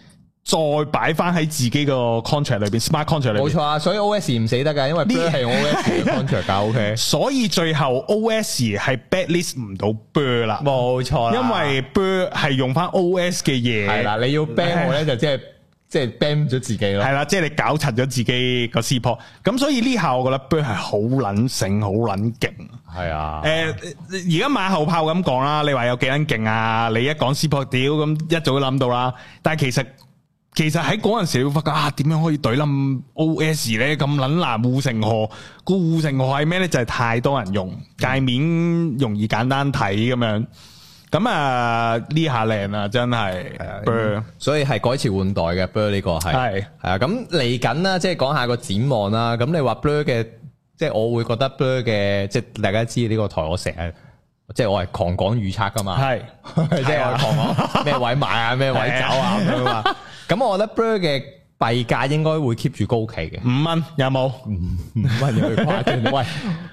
再擺翻喺自己個 cont contract 裏邊，smart contract 裏邊冇錯啊！所以 OS 唔死得㗎，因為呢嘢係 OS 嘅 contract 搞 OK。所以最後 OS 係 blacklist 唔到 Blur 啦，冇錯。因為 Blur 係用翻 OS 嘅嘢。係啦，你要 ban 我咧， 就即係即係 ban 咗自己咯。係啦，即係你搞柒咗自己個 support。咁所以呢下我覺得 Blur 係好撚醒，好撚勁。係啊，誒而家馬後炮咁講啦，你話有幾撚勁啊？你一講 support 屌咁，一早都諗到啦。但係其實，其實喺嗰陣時會發覺啊，點樣可以懟冧 OS 咧？咁撚難護城河，個護城河係咩咧？就係太多人用，界面容易簡單睇咁樣。咁啊呢下靚啊，真係。所以係改朝換代嘅，Blur 呢個係係係啊。咁嚟緊啦，即係講下個展望啦。咁你話 Blur 嘅，即係我會覺得 Blur 嘅，即係大家知呢個台我成日。即係我係狂講預測噶嘛，係即係我狂講咩位買啊，咩位走啊。咁我覺得 Blur 嘅幣價應該會 keep 住高企嘅，五蚊有冇？五蚊有去誇張？喂，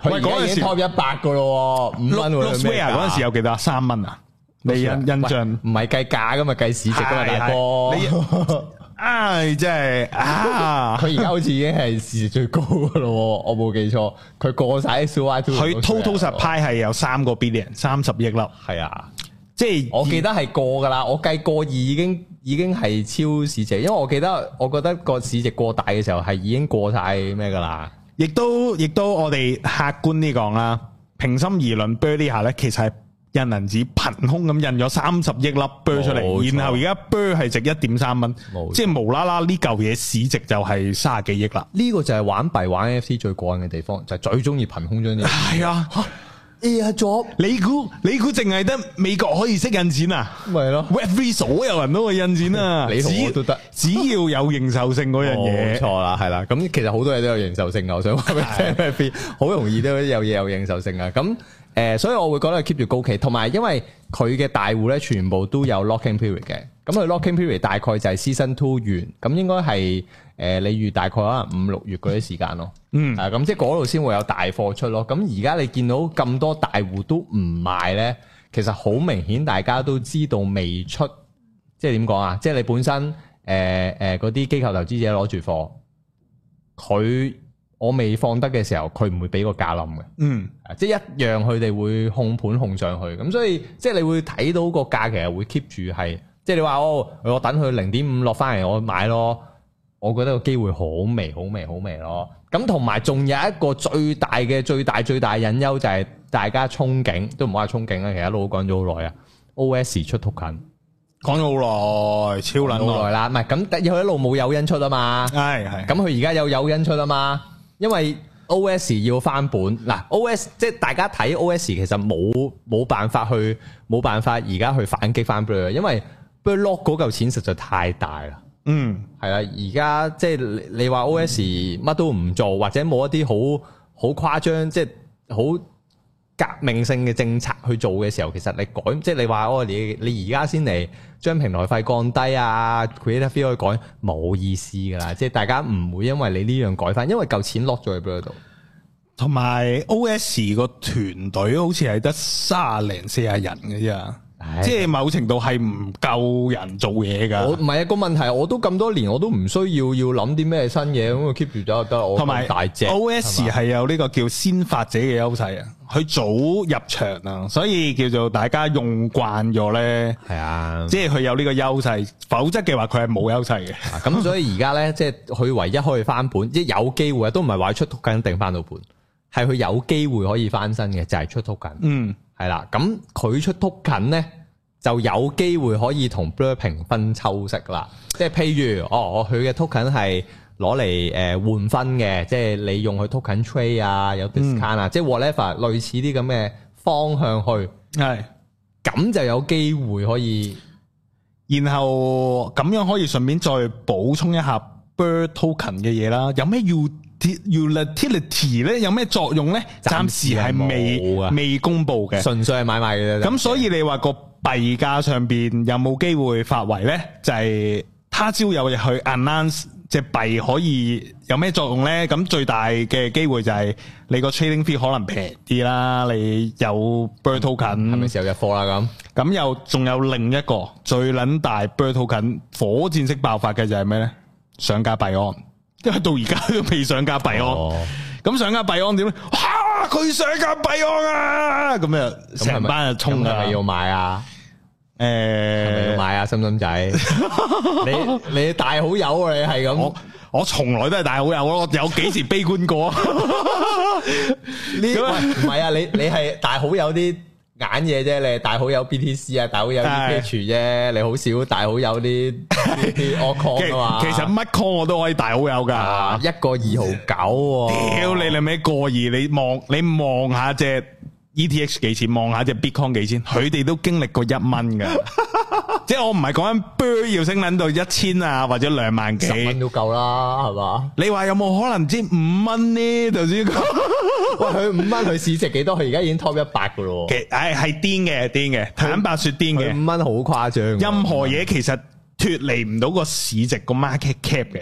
佢嗰陣時 top 一百噶咯，五蚊。六 s q u 嗰陣時有記得啊，三蚊啊？你印印象唔係計價噶嘛，計市值噶嘛，大哥。唉、啊，即係啊，佢而家好似已經係市值最高嘅咯，我冇記錯，佢過晒 S O Y。佢 total supply 係有三個 billion，三十億啦。係啊，即係是我記得係過噶啦，我計過二已經已經係超市值，因為我記得我覺得個市值過大嘅時候係已經過晒咩噶啦。亦都亦都我哋客觀呢講啦，平心而論，Blur 下咧其實係。印銀紙憑空咁印咗三十億粒 Blur 出嚟，然後而家 Blur 係值一點三蚊，即係無啦啦呢嚿嘢市值就係三十幾億啦。呢個就係玩幣玩 NFT 最過癮嘅地方，就係最中意憑空將嘢。係啊吓，誒啊左，你估你估淨係得美國可以識印錢啊？咪係咯，Web3 所有人都會印錢啊，你我都得，只要有認受性嗰樣嘢。冇錯啦，係啦，咁其實好多嘢都有認受性，我想話俾 Web3 好容易都有嘢有認受性啊，咁。誒、呃，所以我會覺得 keep 住高企，同埋因為佢嘅大戶咧，全部都有 locking period 嘅，咁佢 locking period 大概就係 season two 完，咁應該係誒、呃，你預大概可能五六月嗰啲時間咯，嗯，啊，咁即係嗰度先會有大貨出咯，咁而家你見到咁多大戶都唔賣咧，其實好明顯大家都知道未出，即係點講啊？即係你本身誒誒嗰啲機構投資者攞住貨，佢。我未放得嘅時候，佢唔會俾個價冧嘅。嗯，即係一樣，佢哋會控盤控上去。咁、嗯、所以即係你會睇到個價其實會 keep 住係，即係你話哦，我等佢零點五落翻嚟，我買咯。我覺得個機會好微、好微、好微、微咯。咁同埋仲有一個最大嘅、最大、最大隱憂就係大家憧憬，都唔好話憧憬啦。其實一路講咗好耐啊。O S 出突近，講咗好耐，超撚耐啦。唔係咁，因為佢一路冇有因出啊嘛。係係。咁佢而家有有因出啊嘛。因為 O.S. 要翻本嗱，O.S. 即係大家睇 O.S. 其實冇冇辦法去冇辦法而家去反擊翻佢，因為 Blur 嗰嚿錢實在太大啦。嗯，係啦，而家即係你話 O.S. 乜都唔做，或者冇一啲好好誇張，即係好。革命性嘅政策去做嘅時候，其實你改，即係你話哦，你你而家先嚟，將平台費降低啊，creator fee 去改冇意思噶啦，即係大家唔會因為你呢樣改翻，因為嚿錢落咗去邊度。同埋 O S 個團隊好似係得三十零四十人嘅啫。即係某程度係唔夠人做嘢噶，我唔係啊個問題，我都咁多年，我都唔需要要諗啲咩新嘢咁 keep 住咗就得。我同埋有大隻 O S 係 OS 吧有呢個叫先發者嘅優勢啊，佢早入場啊，所以叫做大家用慣咗咧。係啊，即係佢有呢個優勢，否則嘅話佢係冇優勢嘅。咁所以而家咧， 即係佢唯一可以翻本，即係有機會都唔係話出托緊定翻到本，係佢有機會可以翻身嘅，就係、是、出托緊。嗯。係啦，咁佢出 token 咧就有機會可以同 Blur 平分秋色啦。即係譬如，哦，我佢嘅 token 係攞嚟誒換分嘅，即係你用佢 token trade 啊，有 discount 啊，即係 whatever 類似啲咁嘅方向去，係咁是就有機會可以。然後咁樣可以順便再補充一下 Blur token 嘅嘢啦，有咩要。Utility 咧有咩作用咧？暫時係未未公布嘅，純粹係買賣嘅啫。咁所以你話個幣價上邊有冇機會發圍咧？就係、係、他朝有日去 announce 隻幣可以有咩作用咧？咁最大嘅機會就係你個 trading fee 可能平啲啦。你有 Blur token 係咪時候入貨啦？咁咁又仲有另一個最撚大 Blur token 火箭式爆發嘅就係咩咧？上架幣安。因為到而家都未上架幣安，咁、oh. 上架幣安點咧？吓、啊，佢上架幣安啊！咁啊，成那班啊衝啊，要買啊？誒、欸，係咪要買啊？心心仔， 你你大好友啊？你係咁？我我從來都係大好友咯，我有幾時悲觀過啊？咁你唔係啊？你你係大好友啲？揀嘢啫，你大好友 BTC 啊，大好友 ETH 啫，對你好少大好友啲我 Coin 啊，其實乜 Coin 我都可以大好友㗎、啊，一個二毫九、哦。屌你你咩過兒？你望你望下隻 ETH 幾錢，望下隻 Bitcoin 幾錢，佢哋是都經歷過一蚊㗎。 即係我唔係講緊幣要升撚到一千啊，或者兩萬幾，十蚊都夠啦，係嘛？你話有冇可能唔知五蚊呢？頭先講，喂佢五蚊佢市值幾多？佢而家已經 top 一百噶咯。係，係癲嘅，癲、哎、嘅，坦白說，癲嘅，五蚊好誇張。誇張任何嘢其實脫離唔到個市值個 market cap 嘅。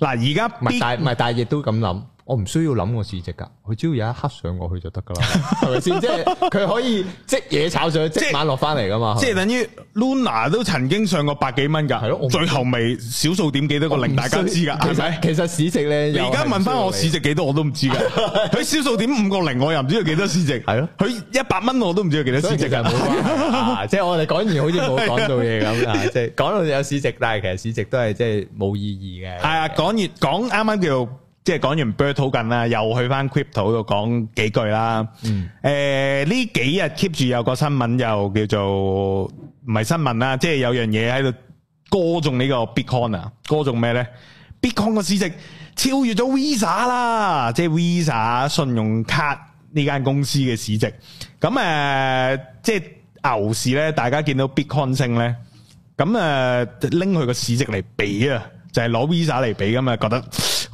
嗱、啊，而家咪大咪大亦都咁諗。我唔需要諗個市值噶，佢只要有一刻上過去就得噶啦，係咪先？即係佢可以即嘢炒上去，即晚落翻嚟噶嘛？即係等於 Luna 都曾經上過百幾蚊噶，係咯？最後尾小數點幾多個零大家都知噶，係咪？其實市值咧，而家問翻我市值幾多，我都唔知噶。佢小數點五個零，我又唔知道幾多市值。係咯，佢一百蚊我都唔知道幾多市值。即係我哋講完好似冇講到嘢咁啦，即係講到有市值，但係其實市值都係即係冇意義嘅。係啊，講完講啱啱叫。即係講完 bird 土緊啦，又去翻 crypto 度講幾句啦。誒呢幾日 keep 住有個新聞又叫做唔係新聞啦，即係有樣嘢喺度歌頌呢個 bitcoin 啊，歌頌咩咧？bitcoin 嘅市值超越咗 visa 啦，即係 visa 信用卡呢間公司嘅市值。咁誒，即係牛市咧，大家見到 bitcoin 升咧，咁誒拎佢個市值嚟比啊，就係攞 visa 嚟比㗎嘛，覺得。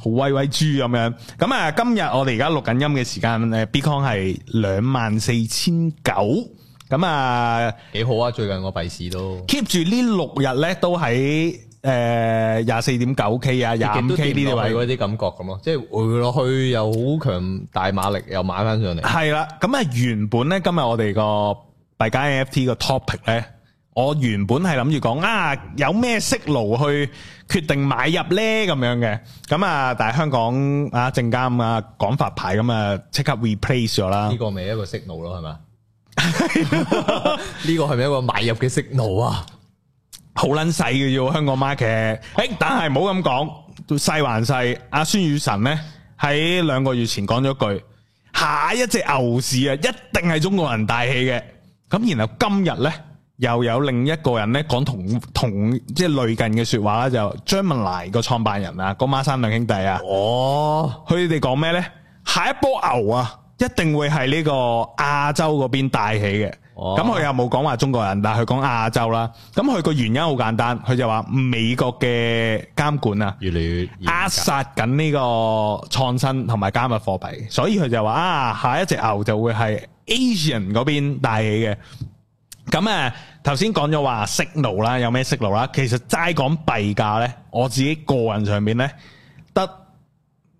好威威豬咁樣，咁啊今日我哋而家錄緊音嘅時間，誒 Bitcoin 係兩萬四千九，咁啊幾好啊！最近個幣市都 keep 住呢六日咧，都喺誒廿四點九 K 啊，廿五 K 呢位嗰啲感覺咁咯，即係回落去又好強，大馬力又買翻上嚟。係啦，咁啊原本咧今日我哋個幣加 NFT 個 topic 咧。我原本係諗住講啊，有咩信號去決定買入咧咁樣嘅，咁啊，但係香港啊，證監啊，港發牌咁啊，即刻 replace 咗啦。呢個咪一個信號咯，係嘛？呢個係咪一個買入嘅信號啊？好撚細嘅要香港 market，誒，但係唔好咁講細還細。阿孫宇晨咧喺兩個月前講咗一句：下一隻牛市啊，一定係中國人帶起嘅。咁然後今日咧。又有另一個人咧講同同即係類近嘅説話啦，就張文麗個創辦人啦，嗰孖生兩兄弟啊。哦，佢哋講咩呢？下一波牛啊，一定會係呢個亞洲嗰邊帶起嘅。咁佢又冇講話中國人，但係佢講亞洲啦。咁佢個原因好簡單，佢就話美國嘅監管啊，越嚟越壓殺緊呢個創新同埋加密貨幣，所以佢就話啊，下一隻牛就會係 Asian 嗰邊帶起嘅。咁誒，頭先講咗話 signal 啦，al, 有咩 signal 啦？其實齋講幣價咧，我自己個人上面咧得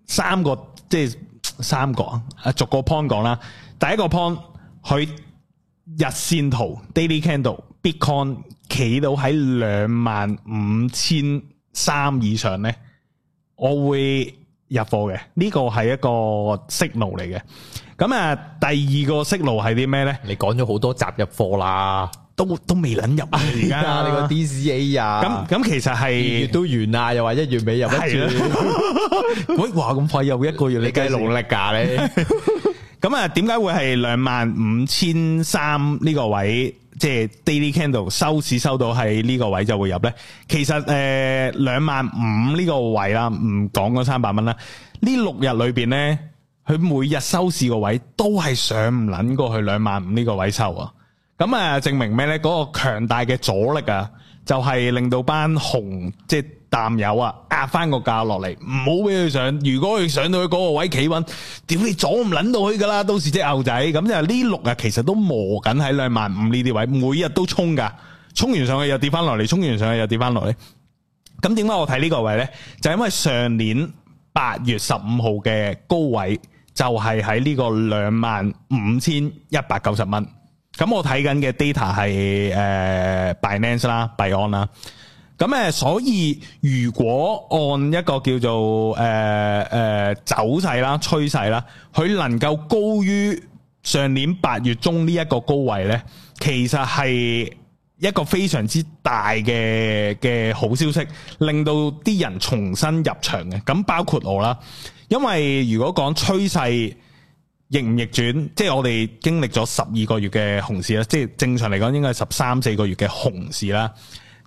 三個，即係三個啊，逐個 point 講啦。第一個 point，佢日線圖 daily candle bitcoin 企到喺兩萬五千三以上咧，我會入貨嘅。呢個係一個 signal 嚟嘅。咁啊，第二個識路係啲咩咧？你講咗好多集入貨啦，都都未諗入而家呢個 DCA 啊。咁咁其實係二月都完啦，又話一月尾入得住。喂，哇，咁快又一個月，你計努力噶你。咁啊，點解會係兩萬五千三呢個位？即係 Daily Candle 收市收到喺呢個位就會入咧。其實誒，兩萬五呢個位啦，唔講嗰三百蚊啦。呢六日裏邊咧。佢每日收市個位都係上唔捻過去兩萬五呢個位收啊！咁啊，證明咩呢？嗰個強大嘅阻力啊，就係令到班紅即係淡友啊，壓翻個價落嚟，唔好俾佢上。如果佢上到去嗰個位企穩，點你阻唔捻到佢噶啦？到時隻牛仔咁就呢六啊，其實都磨緊喺兩萬五呢啲位，每日都沖噶，沖完上去又跌翻落嚟，沖完上去又跌翻落嚟。咁點解我睇呢個位呢？就因為上年八月十五號嘅高位。就係喺呢個兩萬五千一百九十蚊，咁我睇緊嘅 data 係誒、呃、Binance 啦，幣安啦，咁誒，所以如果按一個叫做誒誒、呃呃、走勢啦、趨勢啦，佢能夠高於上年八月中呢一個高位呢，其實係一個非常之大嘅嘅好消息，令到啲人重新入場嘅，咁包括我啦。因為如果講趨勢逆唔逆轉，即係我哋經歷咗十二個月嘅熊市啦，即係正常嚟講應該係十三四個月嘅熊市啦。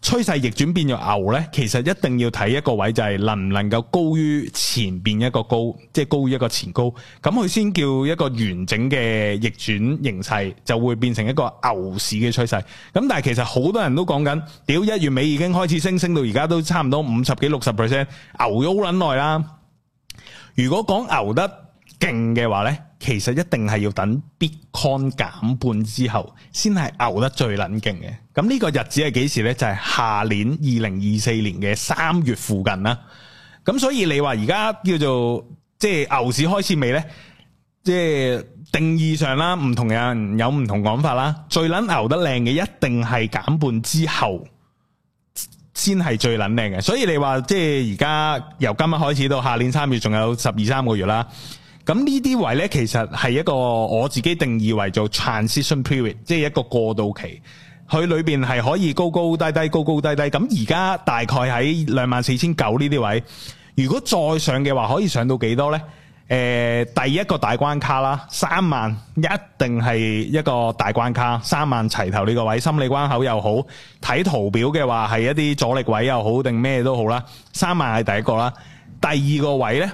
趨勢逆轉變咗牛呢，其實一定要睇一個位，就係能唔能夠高於前邊一個高，即係高於一個前高，咁佢先叫一個完整嘅逆轉形勢，就會變成一個牛市嘅趨勢。咁但係其實好多人都講緊，屌，一月尾已經開始升，升，升到而家都差唔多五十幾六十 percent，牛咗好撚耐啦。如果講牛得勁嘅話呢，其實一定係要等 Bitcoin 減半之後，先係牛得最撚勁嘅。咁呢個日子係幾時呢？就係下年二零二四年嘅三月附近啦。咁所以你話而家叫做即係牛市開始未呢？即係定義上啦，唔同人有唔同講法啦。最撚牛得靚嘅一定係減半之後。先係最撚靚嘅，所以你話即係而家由今日開始到下年三月，仲有十二三個月啦。咁呢啲位呢，其實係一個我自己定義為做 transition period，即係一個過渡期。佢裏邊係可以高高低低、高高低低。咁而家大概喺兩萬四千九呢啲位，如果再上嘅話，可以上到幾多呢？誒、呃，第一個大關卡啦，三萬一定係一個大關卡，三萬齊頭呢個位，心理關口又好，睇圖表嘅話係一啲阻力位又好，定咩都好啦，三萬係第一個啦。第二個位呢，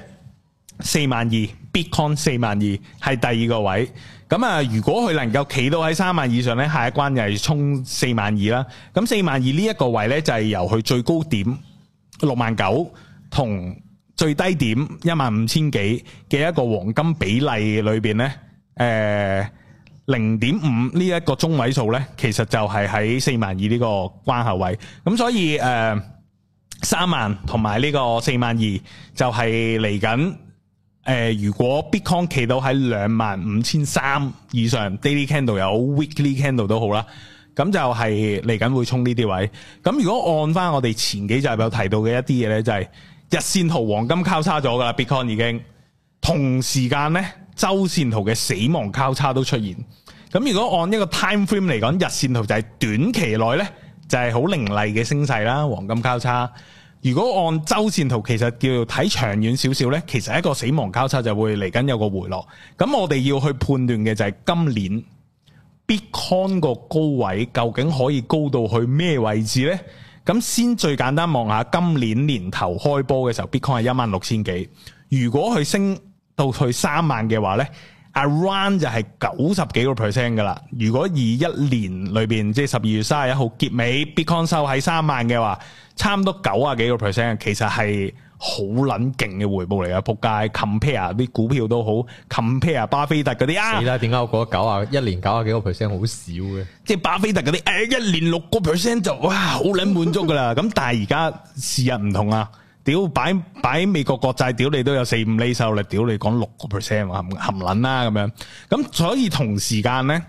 四萬二，Bitcoin 四萬二係第二個位。咁啊，如果佢能夠企到喺三萬以上呢，下一關又係衝四萬二啦。咁四萬二呢一個位呢，就係、是、由佢最高點六萬九同。69, 最低點一萬五千幾嘅一個黃金比例裏邊咧，誒零點五呢一個中位數咧，其實就係喺四萬二呢個關口位。咁所以誒三萬同埋呢個四萬二就係嚟緊。誒如果 Bitcoin 企到喺兩萬五千三以上，Daily Candle 有 Weekly Candle 都好啦，咁就係嚟緊會衝呢啲位。咁如果按返我哋前幾集有提到嘅一啲嘢咧，就係。日線圖黃金交叉咗㗎啦，Bitcoin 已經同時間呢，周線圖嘅死亡交叉都出現。咁如果按一個 time frame 嚟講，日線圖就係短期內呢，就係好凌厲嘅升勢啦，黃金交叉。如果按周線圖，其實叫睇長遠少少呢，其實一個死亡交叉就會嚟緊有個回落。咁我哋要去判斷嘅就係今年 Bitcoin 個高位究竟可以高到去咩位置呢？咁先最簡單望下今年年頭開波嘅時候，Bitcoin 係一萬六千幾。如果佢升到去三萬嘅話咧，around 就係九十幾個 percent 嘅啦。如果二一年裏邊即係十二月三十一號結尾，Bitcoin 收喺三萬嘅話，差唔多九啊幾個 percent，其實係。好撚勁嘅回報嚟噶，撲街，compare 啲股票都好，compare 巴菲特嗰啲啊！死啦，點解我覺得九啊一年九啊幾個 percent 好少嘅？即係巴菲特嗰啲誒一年六個 percent 就哇好撚滿足噶啦！咁但係而家時日唔同啊，屌擺擺喺美國國債屌你都有四五厘收益率，屌你講六個 percent 冚冚撚啦咁樣。咁所以同時間咧，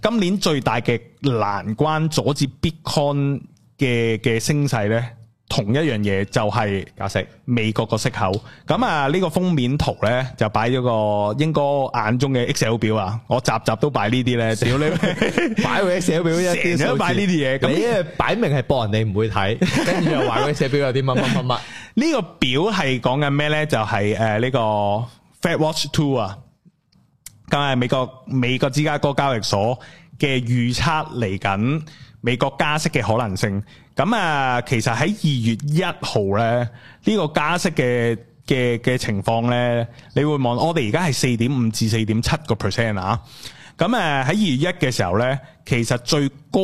今年最大嘅難關阻住 Bitcoin 嘅嘅升勢咧。同一樣嘢就係加息，美國個息口。咁啊，呢個封面圖咧就擺咗個鷹哥眼中嘅 Excel 表啊，我集集都擺呢啲咧，屌你，擺個 Excel 表一啲，成日擺呢啲嘢，你擺明係博人哋唔會睇，跟住又話嗰 Excel 表有啲乜乜乜乜。呢個表係講緊咩咧？就係誒呢個 Fat Watch Two 啊，咁係美國美國芝加哥交易所嘅預測嚟緊美國加息嘅可能性。咁啊，其實喺二月一號咧，呢個加息嘅嘅嘅情況咧，你會望我哋而家係四點五至四點七個 percent 啊。咁誒喺二月一嘅時候咧，其實最高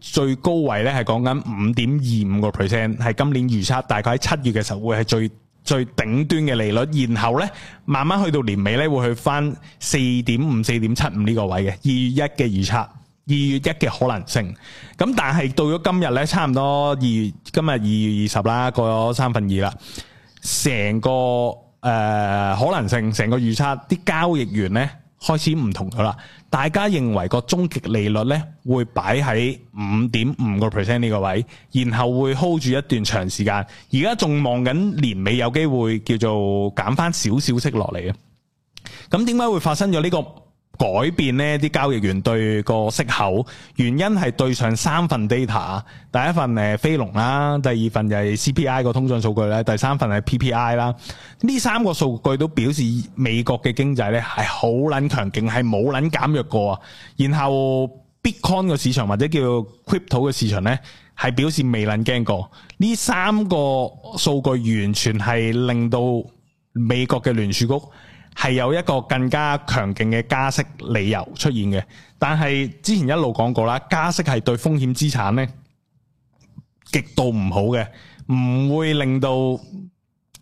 最高位咧係講緊五點二五個 percent，係今年預測大概喺七月嘅時候會係最最頂端嘅利率，然後咧慢慢去到年尾咧會去翻四點五四點七五呢個位嘅二月一嘅預測。二月一嘅可能性，咁但係到咗今日呢，差唔多二月今日二月二十啦，過咗三分二啦，成個誒、呃、可能性，成個預測，啲交易員呢開始唔同咗啦。大家認為個終極利率呢會擺喺五點五個 percent 呢個位，然後會 hold 住一段長時間。而家仲望緊年尾有機會叫做減翻少少息落嚟啊！咁點解會發生咗呢、這個？改變咧啲交易員對個息口，原因係對上三份 data，第一份誒飛龍啦，第二份就係 CPI 個通脹數據咧，第三份係 PPI 啦。呢三個數據都表示美國嘅經濟咧係好撚強勁，係冇撚減弱過。然後 Bitcoin 嘅市場或者叫 crypto 嘅市場呢係表示未撚驚過。呢三個數據完全係令到美國嘅聯儲局。係有一個更加強勁嘅加息理由出現嘅，但係之前一路講過啦，加息係對風險資產呢極度唔好嘅，唔會令到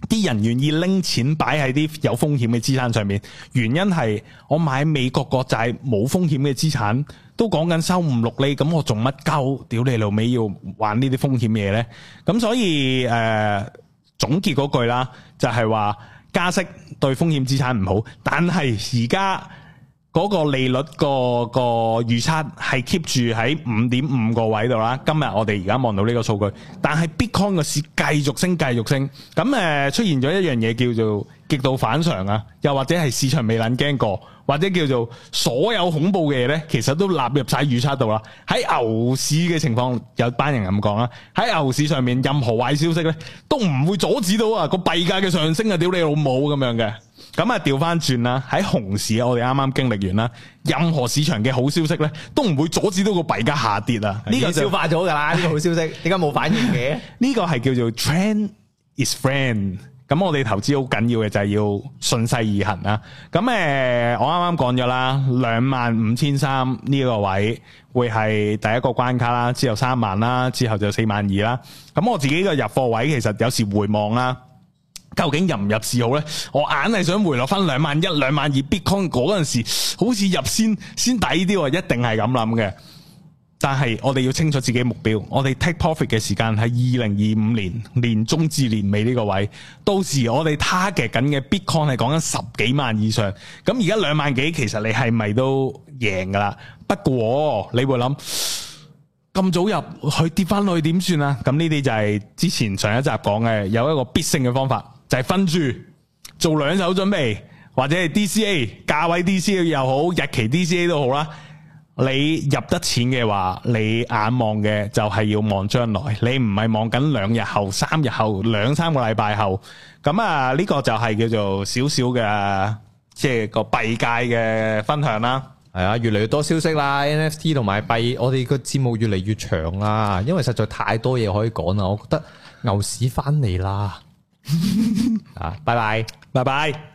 啲人願意拎錢擺喺啲有風險嘅資產上面。原因係我買美國國債冇風險嘅資產，都講緊收五六厘，咁我做乜鳩？屌你老味要玩呢啲風險嘢呢？咁所以誒、呃、總結嗰句啦，就係話。加息對風險資產唔好，但係而家。嗰個利率個個預測係 keep 住喺五點五個位度啦。今日我哋而家望到呢個數據，但係 Bitcoin 嘅市繼續升，繼續升。咁誒出現咗一樣嘢叫做極度反常啊！又或者係市場未撚驚過，或者叫做所有恐怖嘅嘢呢，其實都納入晒預測度啦。喺牛市嘅情況，有班人咁講啦。喺牛市上面，任何壞消息呢都唔會阻止到啊個幣價嘅上升啊！屌你老母咁樣嘅。咁啊，調翻轉啦！喺熊市，我哋啱啱經歷完啦。任何市場嘅好消息咧，都唔會阻止到個幣價下跌啊！呢個消化咗噶啦，呢個 好消息，點解冇反應嘅？呢 個係叫做 Trend is friend。咁我哋投資好緊要嘅就係要順勢而行啦。咁誒，我啱啱講咗啦，兩萬五千三呢個位會係第一個關卡啦，之後三萬啦，之後就四萬二啦。咁我自己個入貨位，其實有時回望啦。究竟入唔入市好呢？我硬係想回落翻兩萬一、兩萬二，Bitcoin 嗰陣時好似入先先抵啲，一定係咁諗嘅。但係我哋要清楚自己目標，我哋 take profit 嘅時間係二零二五年年中至年尾呢個位。到時我哋 target 緊嘅 Bitcoin 係講緊十幾萬以上。咁而家兩萬幾，其實你係咪都贏噶啦？不過你會諗咁早入去跌翻落去點算啊？咁呢啲就係之前上一集講嘅，有一個必勝嘅方法。就係分住做兩手準備，或者係 DCA 價位 DCA 又好，日期 DCA 都好啦。你入得錢嘅話，你眼望嘅就係要望將來，你唔係望緊兩日後、三日後、兩三個禮拜後。咁啊，呢個就係叫做少少嘅即係個幣界嘅分享啦。係啊，越嚟越多消息啦，NFT 同埋幣，我哋個節目越嚟越長啦，因為實在太多嘢可以講啦。我覺得牛市翻嚟啦。啊，拜拜，拜拜。